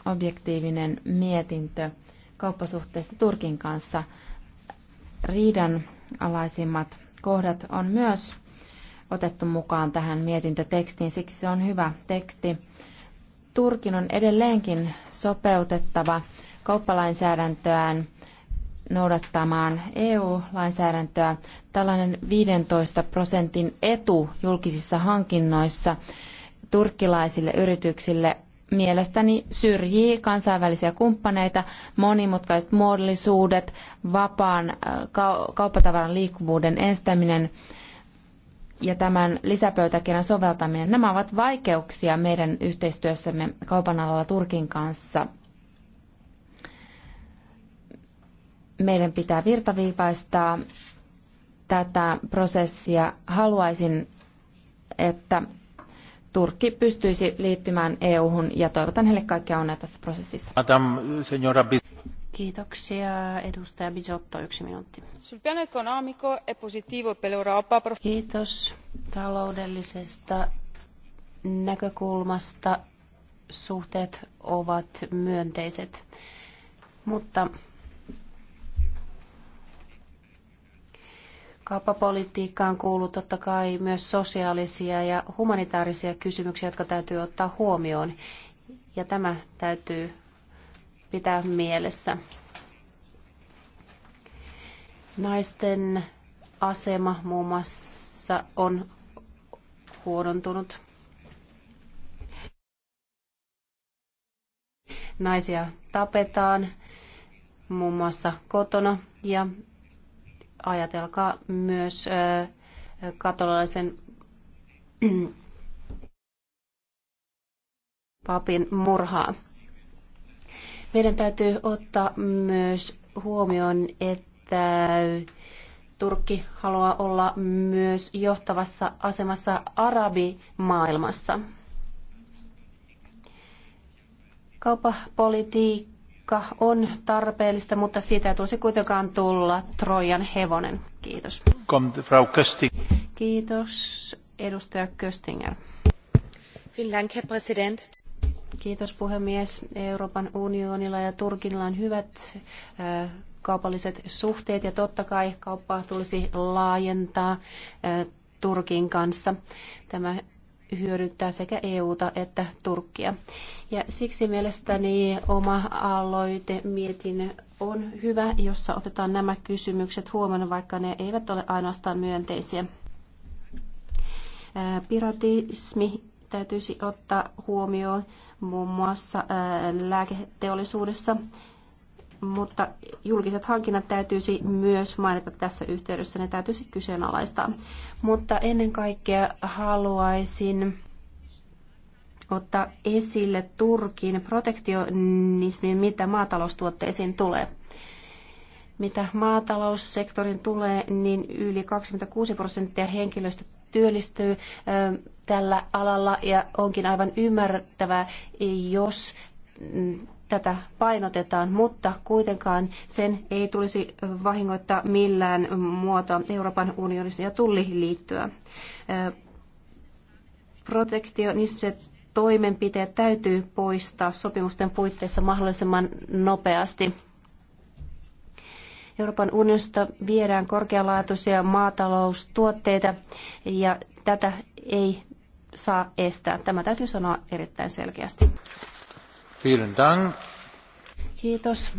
Speaker 2: objektiivinen mietintö kauppasuhteista Turkin kanssa riidan alaisimmat kohdat on myös otettu mukaan tähän mietintötekstiin, siksi se on hyvä teksti. Turkin on edelleenkin sopeutettava kauppalainsäädäntöään noudattamaan EU-lainsäädäntöä. Tällainen 15 prosentin etu julkisissa hankinnoissa turkkilaisille yrityksille mielestäni syrjii kansainvälisiä kumppaneita, monimutkaiset muodollisuudet, vapaan äh, kauppatavaran liikkuvuuden estäminen ja tämän lisäpöytäkirjan soveltaminen. Nämä ovat vaikeuksia meidän yhteistyössämme kaupan alalla Turkin kanssa. Meidän pitää virtaviivaistaa tätä prosessia. Haluaisin, että Turkki pystyisi liittymään EU-hun ja toivotan heille kaikkea onnea tässä prosessissa. signora Kiitoksia.
Speaker 1: Edustaja Bisotto, yksi minuutti. Sul piano economico è positivo per l'Europa. Kiitos taloudellisesta näkökulmasta. Suhteet ovat myönteiset, mutta Kauppapolitiikkaan kuuluu totta kai myös sosiaalisia ja humanitaarisia kysymyksiä, jotka täytyy ottaa huomioon. Ja tämä täytyy pitää mielessä. Naisten asema muun muassa on huonontunut. Naisia tapetaan muun muassa kotona ja ajatelkaa myös katolalaisen papin murhaa. Meidän täytyy ottaa myös huomioon, että Turkki haluaa olla myös johtavassa asemassa arabimaailmassa. Kaupapolitiikka Taakka on tarpeellista, mutta siitä ei tulisi kuitenkaan tulla Trojan hevonen. Kiitos. Frau Kiitos, edustaja Köstinger. Dank, Herr Präsident. Kiitos puhemies. Euroopan unionilla ja Turkilla on hyvät kaupalliset suhteet ja totta kai kauppaa tulisi laajentaa Turkin kanssa. Tämä hyödyttää sekä EUta että Turkkia. Ja siksi mielestäni oma aloite mietin on hyvä, jossa otetaan nämä kysymykset huomioon, vaikka ne eivät ole ainoastaan myönteisiä. Piratismi täytyisi ottaa huomioon muun muassa lääketeollisuudessa mutta julkiset hankinnat täytyisi myös mainita tässä yhteydessä, ne täytyisi kyseenalaistaa. Mutta ennen kaikkea haluaisin ottaa esille Turkin protektionismin, mitä maataloustuotteisiin tulee. Mitä maataloussektorin tulee, niin yli 26 prosenttia henkilöistä työllistyy tällä alalla ja onkin aivan ymmärrettävää, jos tätä painotetaan, mutta kuitenkaan sen ei tulisi vahingoittaa millään muotoa Euroopan unionissa ja tulliliittyä. Protektionistiset toimenpiteet täytyy poistaa sopimusten puitteissa mahdollisimman nopeasti. Euroopan unionista viedään korkealaatuisia maataloustuotteita ja tätä ei saa estää. Tämä täytyy sanoa erittäin selkeästi. Kiitos.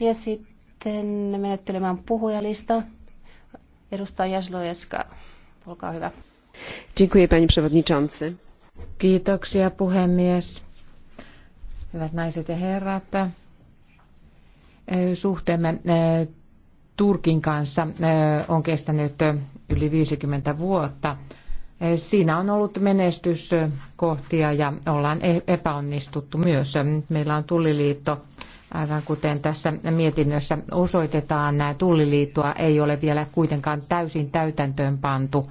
Speaker 1: Ja sitten menettelemään puhujalista. Edustaja Jaslojeska, olkaa hyvä.
Speaker 4: Dziękuję, pani przewodniczący. Kiitoksia, puhemies. Hyvät naiset ja herrat, suhteemme eh, Turkin kanssa eh, on kestänyt eh, yli 50 vuotta. Siinä on ollut menestyskohtia ja ollaan e- epäonnistuttu myös. Meillä on tulliliitto, aivan kuten tässä mietinnössä osoitetaan, tulliliittoa ei ole vielä kuitenkaan täysin täytäntöön pantu.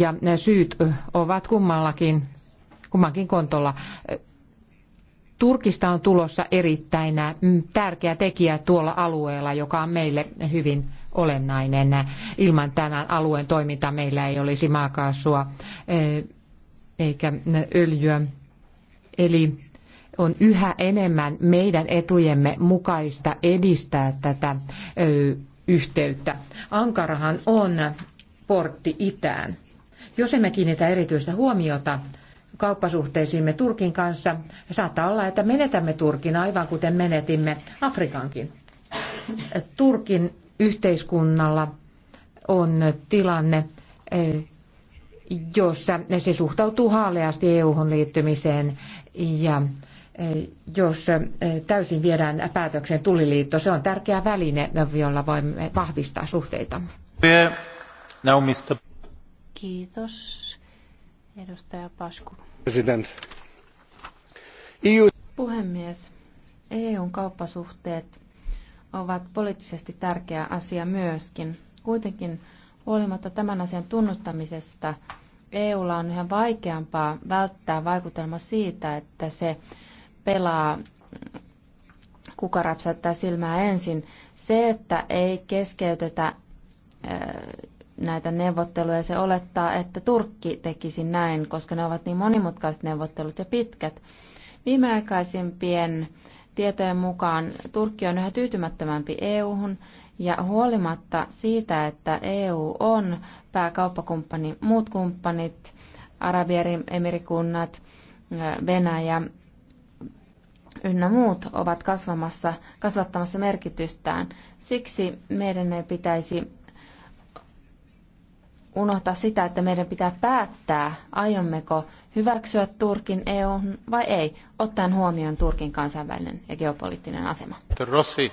Speaker 4: Ja syyt ovat kummallakin, kummankin kontolla Turkista on tulossa erittäin äh, tärkeä tekijä tuolla alueella, joka on meille hyvin olennainen. Ilman tämän alueen toimintaa meillä ei olisi maakaasua äh, eikä äh, öljyä. Eli on yhä enemmän meidän etujemme mukaista edistää tätä yhteyttä. Ankarahan on portti itään. Jos emme kiinnitä erityistä huomiota kauppasuhteisiimme Turkin kanssa. Saattaa olla, että menetämme Turkin aivan kuten menetimme Afrikankin. Turkin yhteiskunnalla on tilanne, jossa se suhtautuu haaleasti EU-hun liittymiseen ja jos täysin viedään päätökseen tuliliitto, se on tärkeä väline, jolla voimme vahvistaa suhteitamme. Kiitos. Edustaja Pasku.
Speaker 1: EU...
Speaker 2: Puhemies, EUn kauppasuhteet ovat poliittisesti tärkeä asia myöskin. Kuitenkin huolimatta tämän asian tunnuttamisesta EUlla on yhä vaikeampaa välttää vaikutelma siitä, että se pelaa mm, kuka räpsäyttää silmää ensin. Se, että ei keskeytetä näitä neuvotteluja. Se olettaa, että Turkki tekisi näin, koska ne ovat niin monimutkaiset neuvottelut ja pitkät. Viimeaikaisimpien tietojen mukaan Turkki on yhä tyytymättömämpi EU-hun ja huolimatta siitä, että EU on pääkauppakumppani, muut kumppanit, Arabieri-emirikunnat, Venäjä ynnä muut ovat kasvamassa, kasvattamassa merkitystään. Siksi meidän ei pitäisi unohtaa sitä, että meidän pitää päättää, aiommeko hyväksyä Turkin EU vai ei, ottaen huomioon Turkin kansainvälinen ja geopoliittinen asema. Rossi,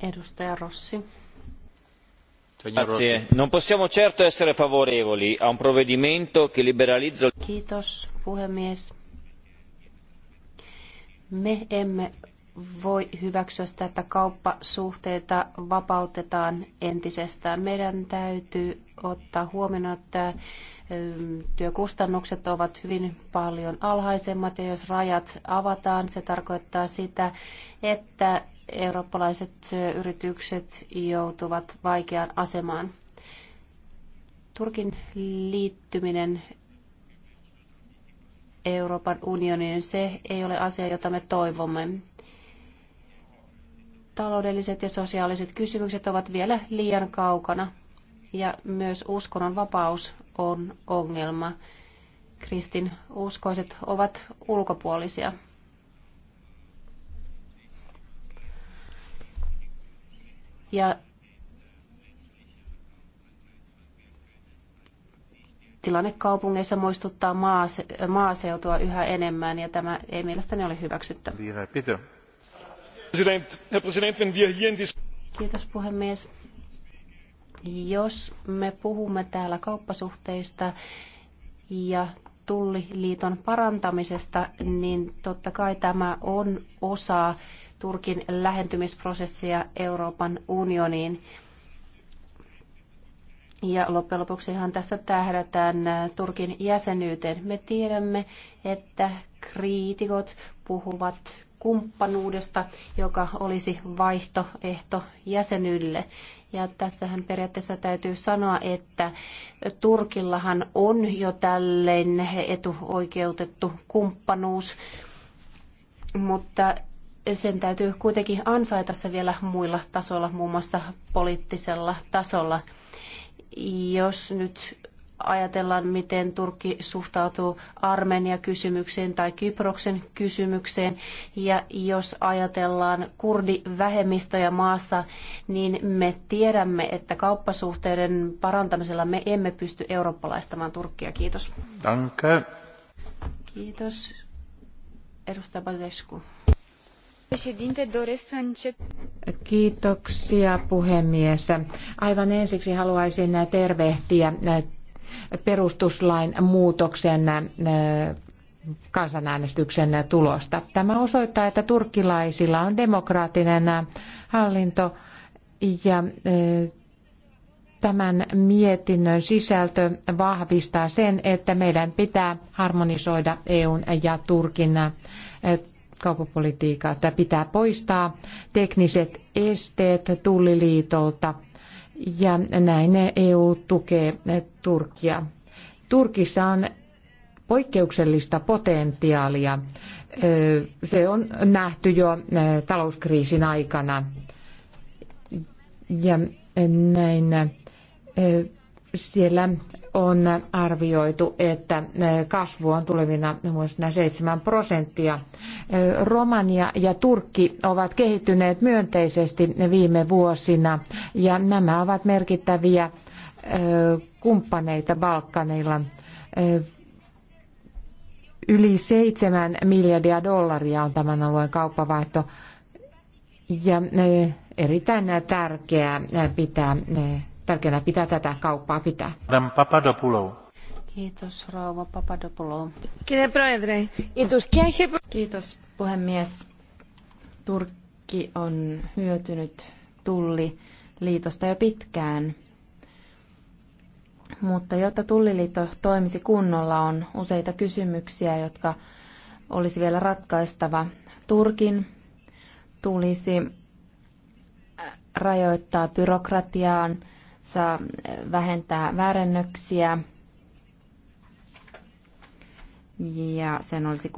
Speaker 2: Edustaja Rossi. Grazie. Non possiamo certo essere favorevoli a un provvedimento che liberalizza...
Speaker 1: Kiitos, puhemies. Me emme voi hyväksyä sitä, että kauppasuhteita vapautetaan entisestään. Meidän täytyy ottaa huomioon, että työkustannukset ovat hyvin paljon alhaisemmat ja jos rajat avataan, se tarkoittaa sitä, että eurooppalaiset yritykset joutuvat vaikeaan asemaan. Turkin liittyminen Euroopan unioniin, se ei ole asia, jota me toivomme taloudelliset ja sosiaaliset kysymykset ovat vielä liian kaukana ja myös uskonnon vapaus on ongelma. Kristin uskoiset ovat ulkopuolisia. Ja tilanne kaupungeissa muistuttaa maase- maaseutua yhä enemmän ja tämä ei mielestäni ole hyväksyttävää. Kiitos puhemies. Jos me puhumme täällä kauppasuhteista ja tulliliiton parantamisesta, niin totta kai tämä on osa Turkin lähentymisprosessia Euroopan unioniin. Ja loppujen lopuksihan tässä tähdätään Turkin jäsenyyteen. Me tiedämme, että kriitikot puhuvat kumppanuudesta, joka olisi vaihtoehto jäsenyydelle. Ja tässähän periaatteessa täytyy sanoa, että Turkillahan on jo tälleen etuoikeutettu kumppanuus, mutta sen täytyy kuitenkin ansaita se vielä muilla tasoilla, muun muassa poliittisella tasolla. Jos nyt ajatellaan, miten Turkki suhtautuu Armenia-kysymykseen tai Kyproksen kysymykseen. Ja jos ajatellaan kurdivähemmistöjä maassa, niin me tiedämme, että kauppasuhteiden parantamisella me emme pysty eurooppalaistamaan Turkkia. Kiitos. Danke. Kiitos. Edustaja Basescu.
Speaker 4: Kiitoksia puhemies. Aivan ensiksi haluaisin tervehtiä perustuslain muutoksen äh, kansanäänestyksen tulosta. Tämä osoittaa, että turkkilaisilla on demokraattinen hallinto ja äh, tämän mietinnön sisältö vahvistaa sen, että meidän pitää harmonisoida EUn ja Turkin äh, kauppapolitiikkaa, että pitää poistaa tekniset esteet tulliliitolta ja näin EU tukee Turkia. Turkissa on poikkeuksellista potentiaalia. Se on nähty jo talouskriisin aikana. Ja näin siellä on arvioitu, että kasvu on tulevina vuosina 7 prosenttia. Romania ja Turkki ovat kehittyneet myönteisesti viime vuosina ja nämä ovat merkittäviä kumppaneita Balkanilla. Yli seitsemän miljardia dollaria on tämän alueen kauppavaihto ja erittäin tärkeää pitää tärkeää pitää tätä kauppaa pitää.
Speaker 1: Kiitos rouva Papadopoulou. Kiitos
Speaker 2: puhemies. Turkki on hyötynyt Tulli-liitosta jo pitkään. Mutta jotta tulliliitto toimisi kunnolla, on useita kysymyksiä, jotka olisi vielä ratkaistava. Turkin tulisi äh, rajoittaa byrokratiaan saa eh, vähentää väärennöksiä ja sen olisi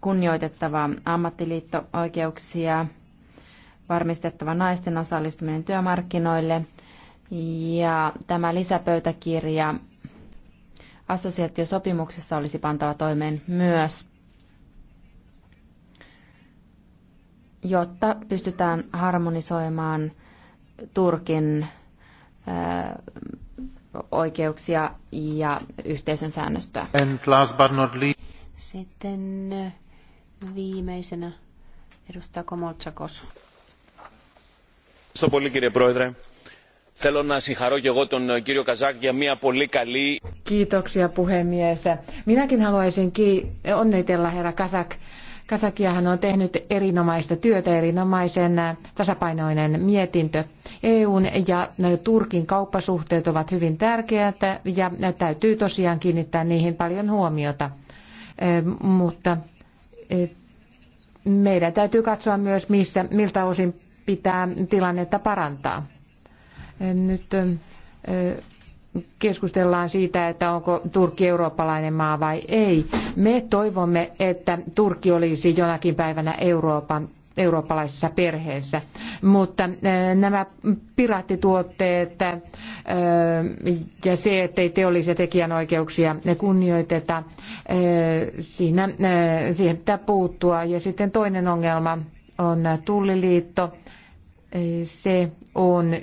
Speaker 2: kunnioitettava ammattiliitto-oikeuksia, varmistettava naisten osallistuminen työmarkkinoille ja tämä lisäpöytäkirja assosiaatiosopimuksessa olisi pantava toimeen myös, jotta pystytään harmonisoimaan Turkin oikeuksia ja
Speaker 1: yhteisön säännöstöä. And last but not least. Sitten viimeisenä edustaja Komotsakos. Ευχαριστώ πολύ κύριε Πρόεδρε.
Speaker 2: Θέλω να συγχαρώ και εγώ τον κύριο Καζάκ για μια πολύ καλή...
Speaker 4: Kiitoksia puhemies. Minäkin haluaisin ki- onnitella herra Kazak Kasakiahan on tehnyt erinomaista työtä, erinomaisen tasapainoinen mietintö. EUn ja Turkin kauppasuhteet ovat hyvin tärkeät ja täytyy tosiaan kiinnittää niihin paljon huomiota. E, mutta e, meidän täytyy katsoa myös, missä, miltä osin pitää tilannetta parantaa. E, nyt keskustellaan siitä, että onko Turkki eurooppalainen maa vai ei. Me toivomme, että Turkki olisi jonakin päivänä Euroopan eurooppalaisessa perheessä. Mutta äh, nämä piraattituotteet äh, ja se, ettei teollisia tekijänoikeuksia ne kunnioiteta, äh, siinä, siihen pitää puuttua. Ja sitten toinen ongelma on Tulliliitto. Se on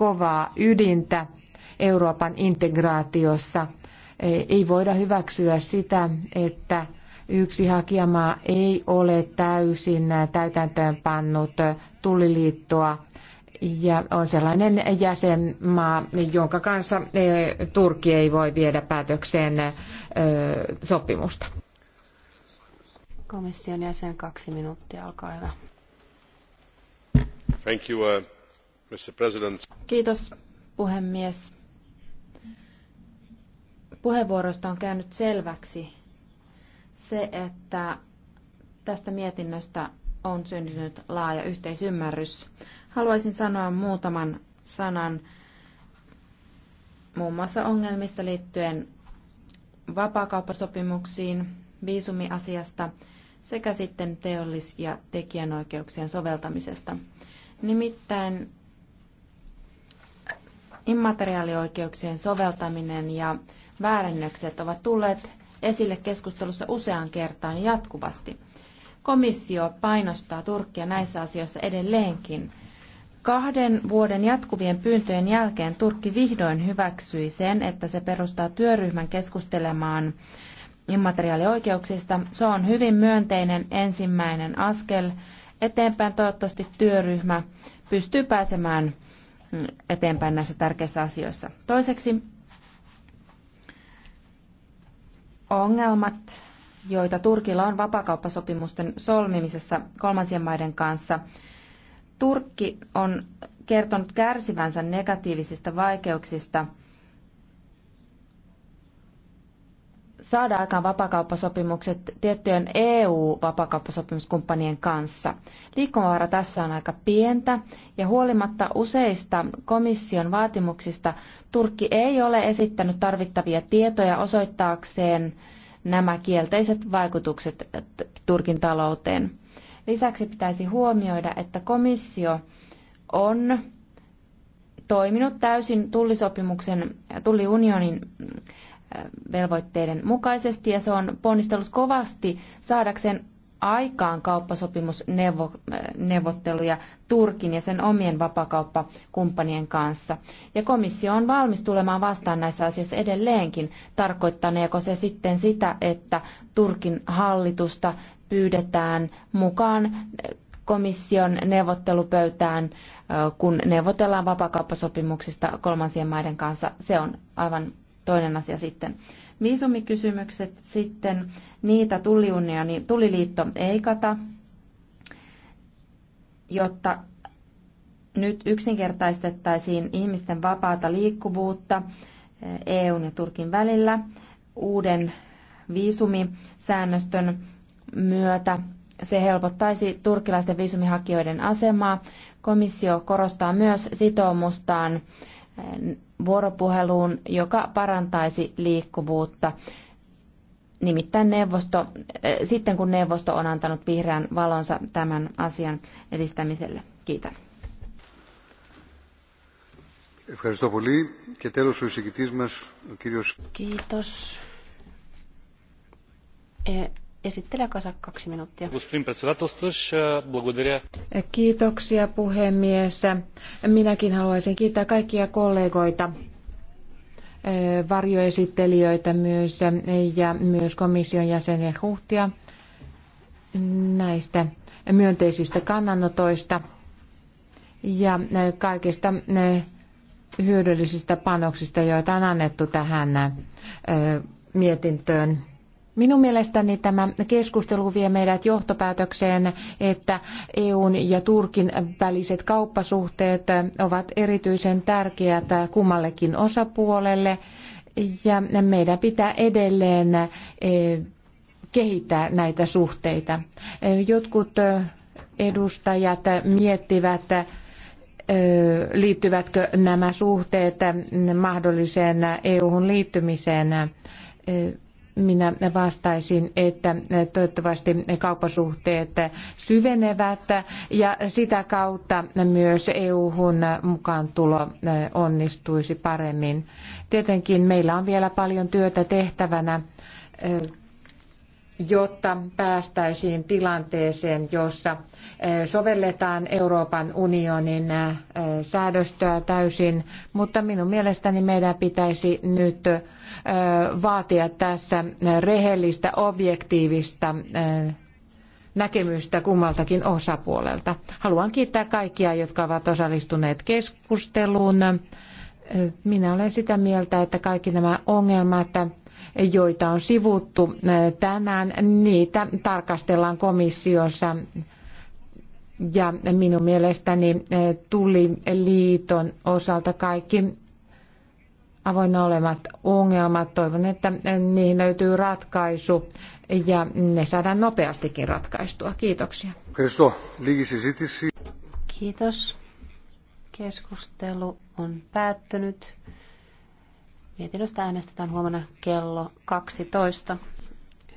Speaker 4: kovaa ydintä Euroopan integraatiossa. Ei voida hyväksyä sitä, että yksi hakijamaa ei ole täysin täytäntöönpannut tulliliittoa ja on sellainen jäsenmaa, jonka kanssa e, Turkki ei voi viedä päätökseen e, sopimusta. Komission jäsen kaksi minuuttia, alkaa. hyvä. Thank you,
Speaker 1: uh... Mr. President. Kiitos, puhemies.
Speaker 2: Puheenvuoroista on käynyt selväksi se, että tästä mietinnöstä on syntynyt laaja yhteisymmärrys. Haluaisin sanoa muutaman sanan muun muassa ongelmista liittyen vapaakauppasopimuksiin, viisumiasiasta sekä sitten teollis- ja tekijänoikeuksien soveltamisesta. Nimittäin immateriaalioikeuksien soveltaminen ja väärennökset ovat tulleet esille keskustelussa useaan kertaan jatkuvasti. Komissio painostaa Turkkia näissä asioissa edelleenkin. Kahden vuoden jatkuvien pyyntöjen jälkeen Turkki vihdoin hyväksyi sen, että se perustaa työryhmän keskustelemaan immateriaalioikeuksista. Se on hyvin myönteinen ensimmäinen askel eteenpäin. Toivottavasti työryhmä pystyy pääsemään eteenpäin näissä tärkeissä asioissa. Toiseksi ongelmat, joita Turkilla on vapakauppasopimusten solmimisessa kolmansien maiden kanssa. Turkki on kertonut kärsivänsä negatiivisista vaikeuksista – saada aikaan vapakauppasopimukset tiettyjen EU-vapakauppasopimuskumppanien kanssa. Liikkumavara tässä on aika pientä ja huolimatta useista komission vaatimuksista Turkki ei ole esittänyt tarvittavia tietoja osoittaakseen nämä kielteiset vaikutukset Turkin talouteen. Lisäksi pitäisi huomioida, että komissio on toiminut täysin tullisopimuksen, tulliunionin velvoitteiden mukaisesti ja se on ponnistellut kovasti saadakseen aikaan kauppasopimusneuvotteluja Turkin ja sen omien vapakauppakumppanien kanssa. Ja komissio on valmis tulemaan vastaan näissä asioissa edelleenkin, tarkoittaneeko se sitten sitä, että Turkin hallitusta pyydetään mukaan komission neuvottelupöytään, kun neuvotellaan vapakauppasopimuksista kolmansien maiden kanssa. Se on aivan toinen asia sitten. Viisumikysymykset sitten, niitä tulliunioni, tulliliitto ei kata, jotta nyt yksinkertaistettaisiin ihmisten vapaata liikkuvuutta eh, EUn ja Turkin välillä uuden viisumisäännöstön myötä. Se helpottaisi turkilaisten viisumihakijoiden asemaa. Komissio korostaa myös sitoumustaan vuoropuheluun, joka parantaisi liikkuvuutta. Nimittäin neuvosto, eh, sitten kun neuvosto on antanut vihreän valonsa tämän asian edistämiselle. Kiitän.
Speaker 1: Kiitos. πολύ. Esittelijä Kasa, kaksi minuuttia.
Speaker 4: Kiitoksia puhemies. Minäkin haluaisin kiittää kaikkia kollegoita varjoesittelijöitä myös ja myös komission jäseniä Huhtia näistä myönteisistä kannanotoista ja kaikista hyödyllisistä panoksista, joita on annettu tähän mietintöön. Minun mielestäni tämä keskustelu vie meidät johtopäätökseen, että EUn ja Turkin väliset kauppasuhteet ovat erityisen tärkeät kummallekin osapuolelle ja meidän pitää edelleen eh, kehittää näitä suhteita. Eh, jotkut eh, edustajat miettivät, liittyvätkö nämä suhteet mahdolliseen EU-hun liittymiseen minä vastaisin, että toivottavasti kauppasuhteet syvenevät ja sitä kautta myös EU-hun mukaan tulo onnistuisi paremmin. Tietenkin meillä on vielä paljon työtä tehtävänä jotta päästäisiin tilanteeseen, jossa eh, sovelletaan Euroopan unionin eh, säädöstöä täysin, mutta minun mielestäni meidän pitäisi nyt eh, vaatia tässä rehellistä, objektiivista näkemystä kummaltakin osapuolelta. Haluan kiittää kaikkia, jotka ovat osallistuneet keskusteluun. Minä olen sitä mieltä, että kaikki nämä ongelmat joita on sivuttu tänään, niitä tarkastellaan komissiossa. Ja minun mielestäni Tulliliiton osalta kaikki avoinna olevat ongelmat, toivon, että niihin löytyy ratkaisu ja ne saadaan nopeastikin ratkaistua. Kiitoksia. Kiitos.
Speaker 1: Keskustelu on päättynyt. Mietinnöstä äänestetään huomenna kello 12.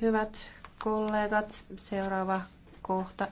Speaker 1: Hyvät kollegat, seuraava kohta.